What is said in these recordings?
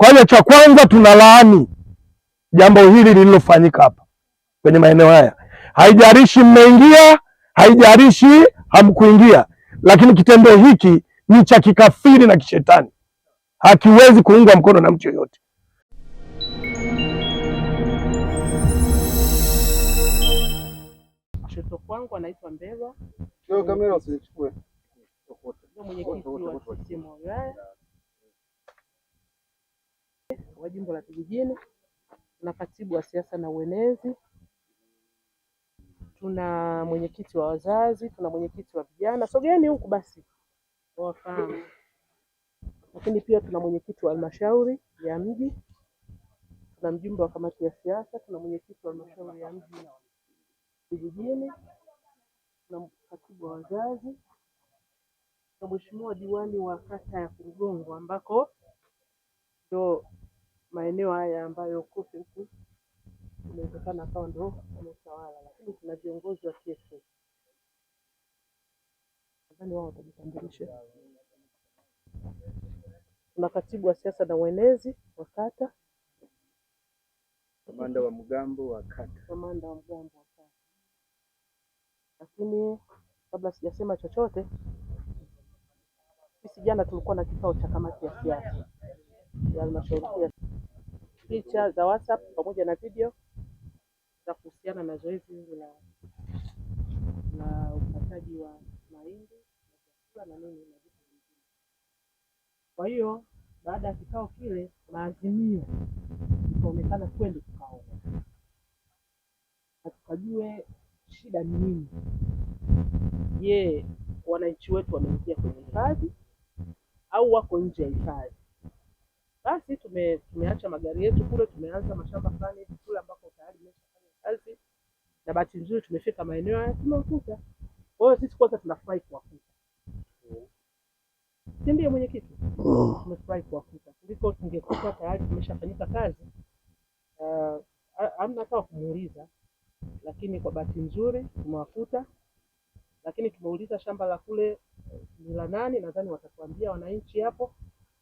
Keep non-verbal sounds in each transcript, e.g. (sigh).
Kwa hiyo cha kwanza tunalaani jambo hili lililofanyika hapa kwenye maeneo haya, haijarishi mmeingia, haijarishi hamkuingia, lakini kitendo hiki ni cha kikafiri na kishetani, hakiwezi kuungwa mkono na mtu yoyote. kwangu anaitwa Mbelwa, kamera usinichukue, mwenyekiti wa CCM wilaya wa jimbo la vijijini, tuna katibu wa siasa na uenezi, tuna mwenyekiti wa wazazi, tuna mwenyekiti wa vijana. Sogeeni huku basi wafahamu. Lakini pia tuna mwenyekiti wa halmashauri ya mji, tuna mjumbe wa kamati ya siasa, tuna mwenyekiti wa halmashauri ya mji vijijini, tuna katibu wa wazazi na mheshimiwa diwani wa kata ya Kurugongwe ambako ndo maeneo haya ambayo Kuku huku inawezekana akawa ndo ametawala, lakini kuna viongozi wa TSC nadhani wao watajitambulisha. Kuna katibu wa siasa na uenezi wa kata, kamanda wa mgambo wa kata, kamanda wa mgambo wa kata. Lakini kabla sijasema chochote, sisi jana tulikuwa na kikao cha kamati ya siasa ya halmashauri picha za WhatsApp pamoja na video za kuhusiana na zoezi hili la na ukataji wa mahindi na chakula na nini na vitu vingine. Kwa hiyo baada ya kikao kile, maazimio ikaonekana kweli, tukaona na tukajue shida ni nini. Je, wananchi wetu wameingia kwenye hifadhi au wako nje ya hifadhi? Basi tume, tumeacha magari yetu kule, tumeanza mashamba fulani hivi kule ambako tayari tumeshafanya kazi, na bahati nzuri tumefika maeneo haya tumewakuta. Kwa hiyo sisi kwanza tunafurahi kuwakuta, si ndiyo mwenyekiti? Mm. Tumefurahi kuwakuta kuliko tungekuta tayari tumeshafanyika kazi, eh, hamna uh, hata wakumuuliza, Lakini kwa bahati nzuri tumewakuta, lakini tumeuliza shamba la kule eh, ni la nani, nadhani watatuambia wananchi hapo,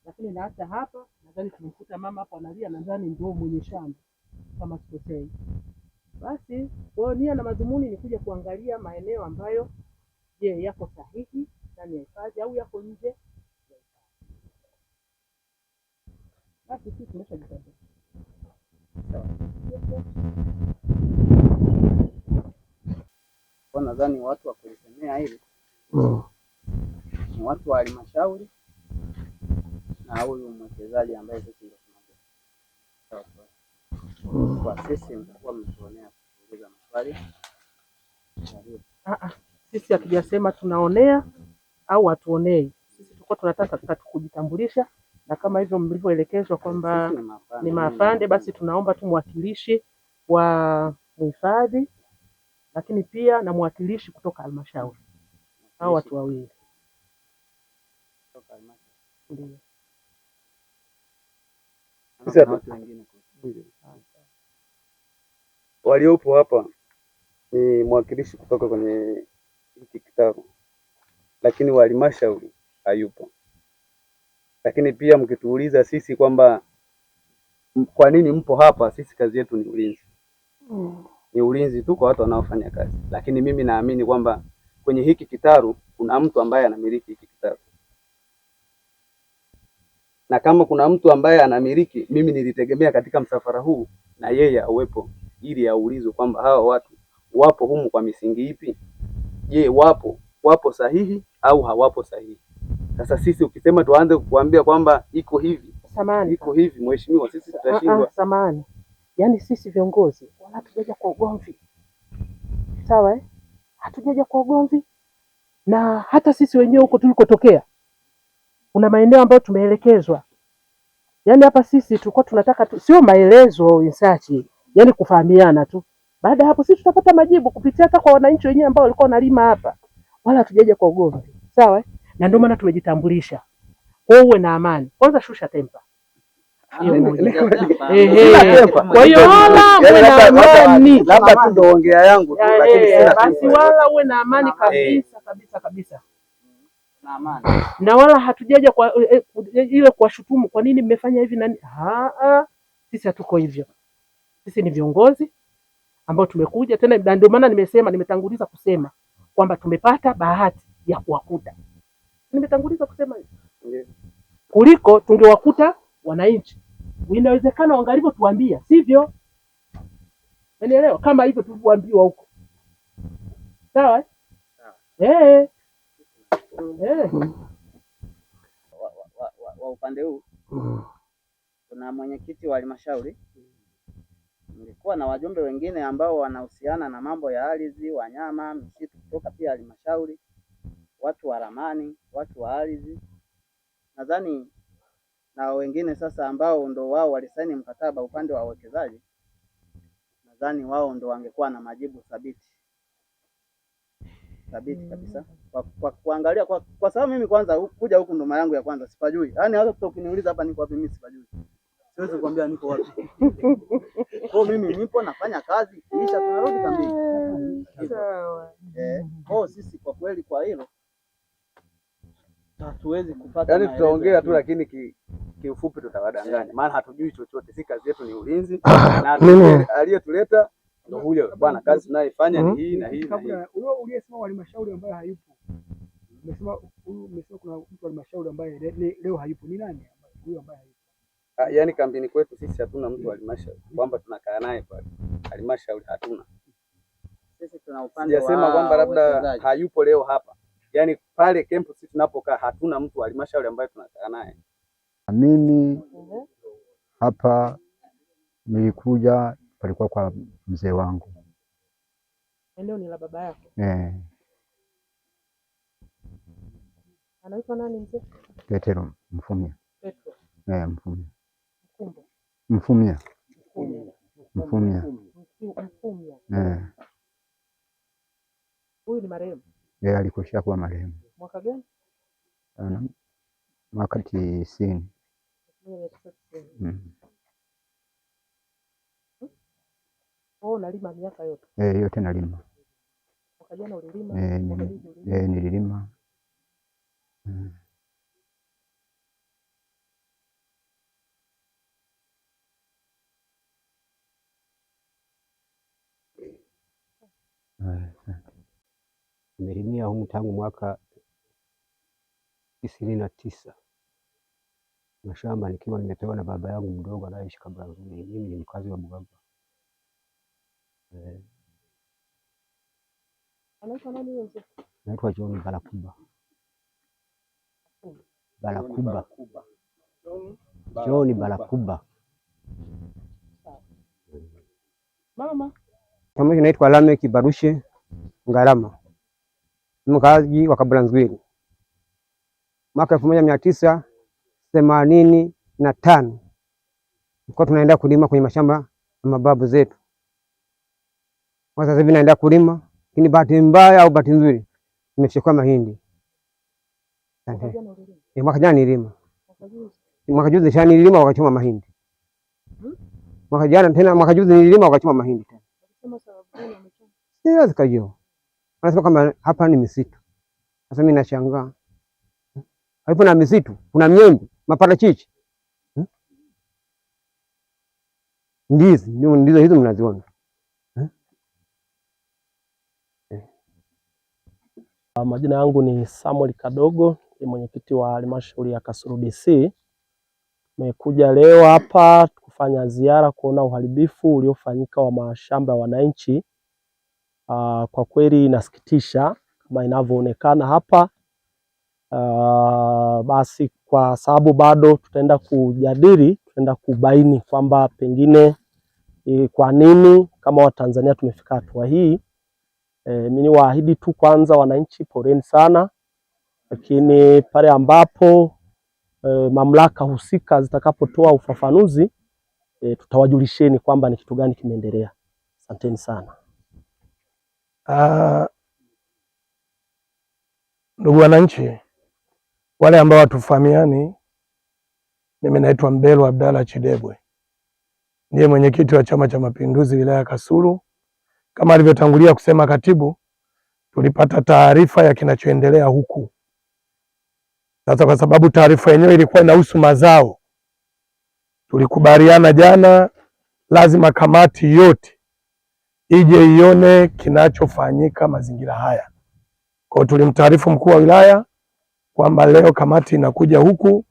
lakini na hata hapa Nadhani tumekuta mama hapo analia, nadhani ndio mwenye shamba kama sikosei. Basi kwa hiyo nia na madhumuni ni kuja kuangalia maeneo ambayo je, yako sahihi ndani ya hifadhi au yako nje ya hifadhi. Basi sisi Kwa Nadhani watu wa kulisemea hili mm. ni watu wa halmashauri na huyu mwekezaji ambaye sisi ndio tunaongea mm. kwa sisi, mtakuwa mtuonea kuuliza maswali. Ah, ah. Sisi hatujasema tunaonea au hatuonei. Sisi tuko tunataka kujitambulisha, na kama hivyo mlivyoelekezwa kwamba ni maafande, basi tunaomba tu mwakilishi wa mhifadhi, lakini pia na mwakilishi kutoka halmashauri, hao watu wawili. Ndio waliopo hapa ni mwakilishi kutoka kwenye hiki kitabu, lakini wa halmashauri hayupo. Lakini pia mkituuliza sisi kwamba kwa nini mpo hapa, sisi kazi yetu ni ulinzi mm. ni ulinzi tu kwa watu wanaofanya kazi, lakini mimi naamini kwamba kwenye hiki kitaru kuna mtu ambaye anamiliki hiki na kama kuna mtu ambaye anamiliki, mimi nilitegemea katika msafara huu na yeye awepo, ili aulizwe kwamba hawa watu wapo humu kwa misingi ipi? Je, wapo wapo sahihi au hawapo sahihi? Sasa sisi ukisema tuanze kukuambia kwamba iko hivi samani, iko hivi mheshimiwa, sisi ah, ah, tutashindwa samani. Yani sisi viongozi wala hatujaja kwa ugomvi, sawa eh? Hatujaja kwa ugomvi na hata sisi wenyewe huko tulikotokea kuna maeneo ambayo tumeelekezwa. Yaani hapa sisi tulikuwa tunataka tu, sio maelezo insachi, yaani kufahamiana tu. Baada hapo sisi tutapata majibu kupitia hata kwa wananchi wenyewe ambao walikuwa wanalima hapa, wala hatujaja kwa ugomvi, sawa? Eh? Na ndio maana tumejitambulisha kwa uwe na amani. Kwanza shusha tempa kwa hiyo wala uwe na yaani amani, labda tu ndo ongea yangu tu, lakini basi wala uwe na amani kabisa kabisa kabisa na amani, (sighs) na wala hatujaja kwa eh, eh, eh ile kuwashutumu kwa nini mmefanya hivi nani. sisi hatuko hivyo. Sisi ni viongozi ambao tumekuja tena, na ndio maana nimesema, nimetanguliza kusema kwamba tumepata bahati ya kuwakuta, nimetanguliza kusema hivyo, kuliko tungewakuta wananchi, inawezekana wangalivyotuambia, sivyo? Unaelewa, kama hivyo tulivyoambiwa huko, sawa eh? wa, upande huu kuna mwenyekiti wa halmashauri, nilikuwa na wajumbe wengine ambao wanahusiana na mambo ya ardhi, wanyama, misitu kutoka pia halmashauri, watu wa ramani, watu wa ardhi nadhani na wengine sasa ambao ndo wao walisaini mkataba upande wa uwekezaji nadhani wao ndo wangekuwa na majibu thabiti thabiti mm. kabisa kwa, kwa kuangalia kwa, kwa sababu mimi kwanza kuja huku ndo mara yangu ya kwanza sipajui, yaani hata ukiniuliza hapa niko wapi mimi sipajui, siwezi kukwambia niko wapi (laughs) kwa mimi nipo nafanya kazi kisha tunarudi kambini. Eh, sawa eh, oh, sisi kwa kweli kwa hilo hatuwezi kupata, yaani tutaongea tu lakini ki kiufupi tutawadanganya, eh. maana hatujui chochote, si kazi yetu ni ulinzi ah, na aliyetuleta ndio huyo bwana, kazi tunayofanya ni hmm? hii na hii na hii. Uliyesema halmashauri ambaye hayupo, umesema huyu, umesema kuna mtu halmashauri ambaye leo hayupo, ni nani huyo ambaye hayupo? Ah, yani kambini kwetu sisi hatuna mtu halmashauri kwamba tunakaa naye pale halmashauri, hatuna sisi. Tuna upande wa sema kwamba labda hayupo leo hapa, yani pale kempu sisi tunapokaa hatuna mtu halmashauri ambaye tunakaa naye. Mimi hapa nilikuja palikuwa kwa mzee wangu. Eneo ni la baba yako? Eh. Anaitwa nani mzee? Petero Mfumia. Petero. Eh, Mfumia. Mfumia. Mfumia. Mfumia. Mfumia. Eh. Huyu ni marehemu? Eh, alikwisha kuwa marehemu. Mwaka gani? Ana Mwaka tisini. Mm. Kwa oh, unalima miaka yote? Eh, yote nalima. Mwaka jana ulilima? Eh, eh mm. Nimelimia humu tangu mwaka tisini na tisa mashamba nikiwa nimepewa na baba yangu mdogo anayeishi Kabanzuni. Mimi ni mkazi wa Bugamba. Anaitwa nani huyo mzee? Anaitwa John Balakuba. Hmm. Balakuba. John Balakuba. Mama. hiyo inaitwa Lameki Barushe Ngalama. Mkaaji wa Kabulanzwili. Mwaka elfu moja mia tisa themanini na tano tulikuwa tunaenda kulima kwenye mashamba ya mababu zetu. Sasa hivi naenda kulima lakini bahati mbaya au bahati nzuri nimefyekwa mahindi mwaka jana nilima, eh, mwaka juzi shani nilima wakachoma mahindi hmm? mwaka jana tena, mwaka juzi nilima wakachoma mahindi tena, zikajua anasema kama hapa ni misitu. Sasa mimi nashangaa haipo na misitu, kuna miembe, maparachichi, hmm? ndizi. ndizo hizo mnaziona Ah, majina yangu ni Samuel Kadogo, ni mwenyekiti wa halmashauri ya Kasulu DC. Nimekuja leo hapa kufanya ziara kuona uharibifu uliofanyika wa mashamba ya wananchi. Uh, kwa kweli inasikitisha kama inavyoonekana hapa. Uh, basi kwa sababu bado tutaenda kujadili, tutaenda kubaini kwamba pengine kwa nini kama Watanzania tumefika hatua hii E, eh, mimi niwaahidi tu kwanza wananchi poleni sana, lakini pale ambapo e, mamlaka husika zitakapotoa ufafanuzi e, tutawajulisheni kwamba ni kitu gani kimeendelea. Asanteni sana. Uh, ndugu wananchi wale ambao hatufahamiani, mimi naitwa mbelo Abdalla Chidebwe, ndiye mwenyekiti wa Chama cha Mapinduzi wilaya ya Kasulu kama alivyotangulia kusema katibu, tulipata taarifa ya kinachoendelea huku. Sasa kwa sababu taarifa yenyewe ilikuwa inahusu mazao, tulikubaliana jana, lazima kamati yote ije ione kinachofanyika mazingira haya. Kwa tulimtaarifu mkuu wa wilaya kwamba leo kamati inakuja huku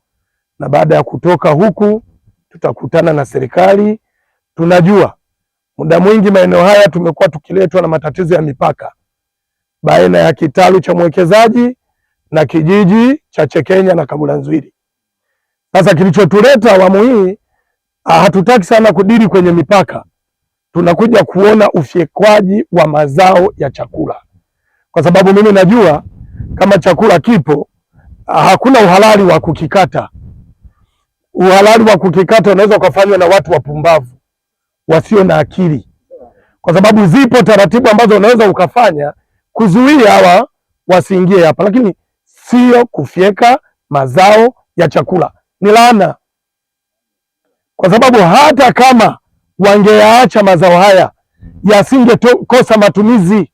na baada ya kutoka huku tutakutana na serikali. Tunajua Muda mwingi maeneo haya tumekuwa tukiletwa na matatizo ya mipaka baina ya kitalu cha mwekezaji na kijiji cha Chekenya na Kabula Kabulanzwili. Sasa kilichotuleta awamu hii, ah, hatutaki sana kudiri kwenye mipaka, tunakuja kuona ufyekwaji wa mazao ya chakula, kwa sababu mimi najua kama chakula kipo, ah, hakuna uhalali wa kukikata. Uhalali wa kukikata unaweza ukafanywa na watu wapumbavu wasio na akili, kwa sababu zipo taratibu ambazo unaweza ukafanya kuzuia hawa wasiingie hapa, lakini sio kufyeka mazao ya chakula. Ni laana, kwa sababu hata kama wangeyaacha mazao haya yasingekosa matumizi.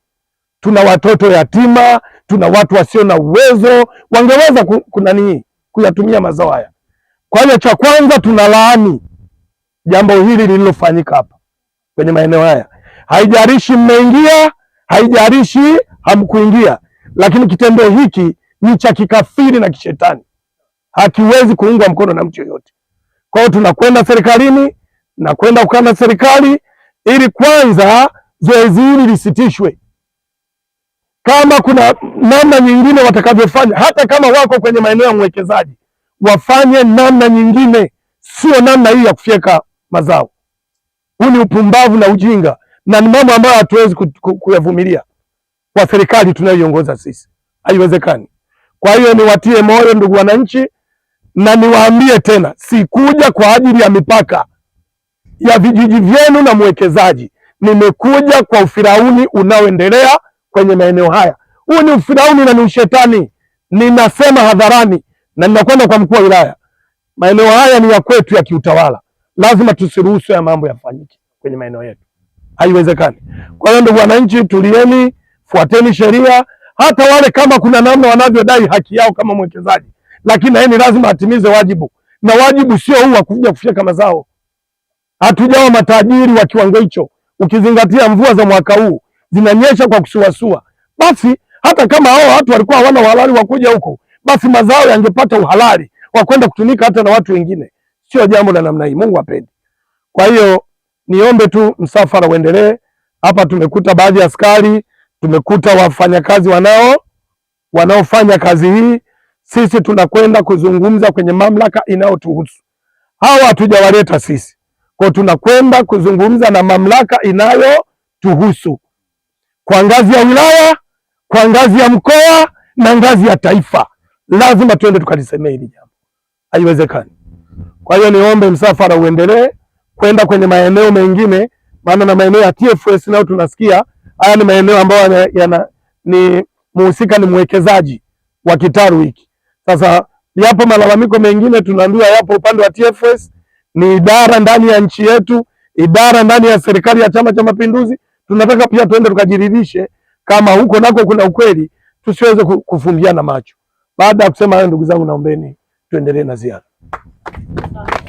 Tuna watoto yatima, tuna watu wasio na uwezo, wangeweza kunanii kuyatumia mazao haya. Kwa hiyo cha kwanza tuna laani jambo hili lililofanyika hapa kwenye maeneo haya. haijarishi mmeingia, haijarishi hamkuingia, lakini kitendo hiki ni cha kikafiri na kishetani, hakiwezi kuungwa mkono na mtu yoyote. Kwa hiyo tunakwenda serikalini na kwenda kukaa na serikali ili kwanza zoezi hili lisitishwe, kama kuna namna nyingine watakavyofanya, hata kama wako kwenye maeneo ya mwekezaji wafanye namna nyingine, sio namna hii ya kufyeka mazao. Huu ni upumbavu na ujinga, na ni mambo ambayo hatuwezi kuyavumilia kwa serikali tunayoiongoza sisi, haiwezekani. Kwa hiyo niwatie moyo ndugu wananchi, na niwaambie tena, sikuja kwa ajili ya mipaka ya vijiji vyenu na mwekezaji. Nimekuja kwa ufirauni unaoendelea kwenye maeneo haya. Huu ni ufirauni na ni ushetani. Ninasema hadharani na ninakwenda kwa mkuu wa wilaya, maeneo haya ni ya kwetu ya kiutawala lazima tusiruhusu ya mambo yafanyike kwenye maeneo yetu, haiwezekani. Kwa hiyo ndugu wananchi, tulieni, fuateni sheria, hata wale kama kuna namna wanavyodai haki yao kama mwekezaji, lakini yeye ni lazima atimize wajibu, na wajibu sio huu wa kuja kufyeka mazao. Hatujawa matajiri wa kiwango hicho, ukizingatia mvua za mwaka huu zinanyesha kwa kusuasua. Basi hata kama hao watu walikuwa hawana uhalali wa kuja huko, basi mazao yangepata uhalali wa kwenda kutumika hata na watu wengine sio jambo la namna hii, Mungu apende. Kwa hiyo niombe tu msafara uendelee. Hapa tumekuta baadhi ya askari, tumekuta wafanyakazi wanao wanaofanya kazi hii. Sisi tunakwenda kuzungumza kwenye mamlaka inayotuhusu. Hawa hatujawaleta sisi, kwa tunakwenda kuzungumza na mamlaka inayotuhusu kwa ngazi ya wilaya, kwa ngazi ya mkoa na ngazi ya taifa. Lazima tuende tukalisemee hili jambo, haiwezekani. Kwa hiyo niombe msafara uendelee kwenda kwenye maeneo mengine, maana na maeneo ya TFS nayo tunasikia haya ni maeneo ambayo yana ni muhusika ni mwekezaji wa kitaru hiki. Sasa yapo malalamiko mengine tunaambiwa yapo upande wa TFS, ni idara ndani ya nchi yetu, idara ndani ya serikali ya Chama cha Mapinduzi. Tunataka pia tuende tukajiridhishe kama huko nako kuna ukweli, tusiweze kufumbiana macho. Baada ya kusema hayo, ndugu zangu, naombeni tuendelee na ziara. Done.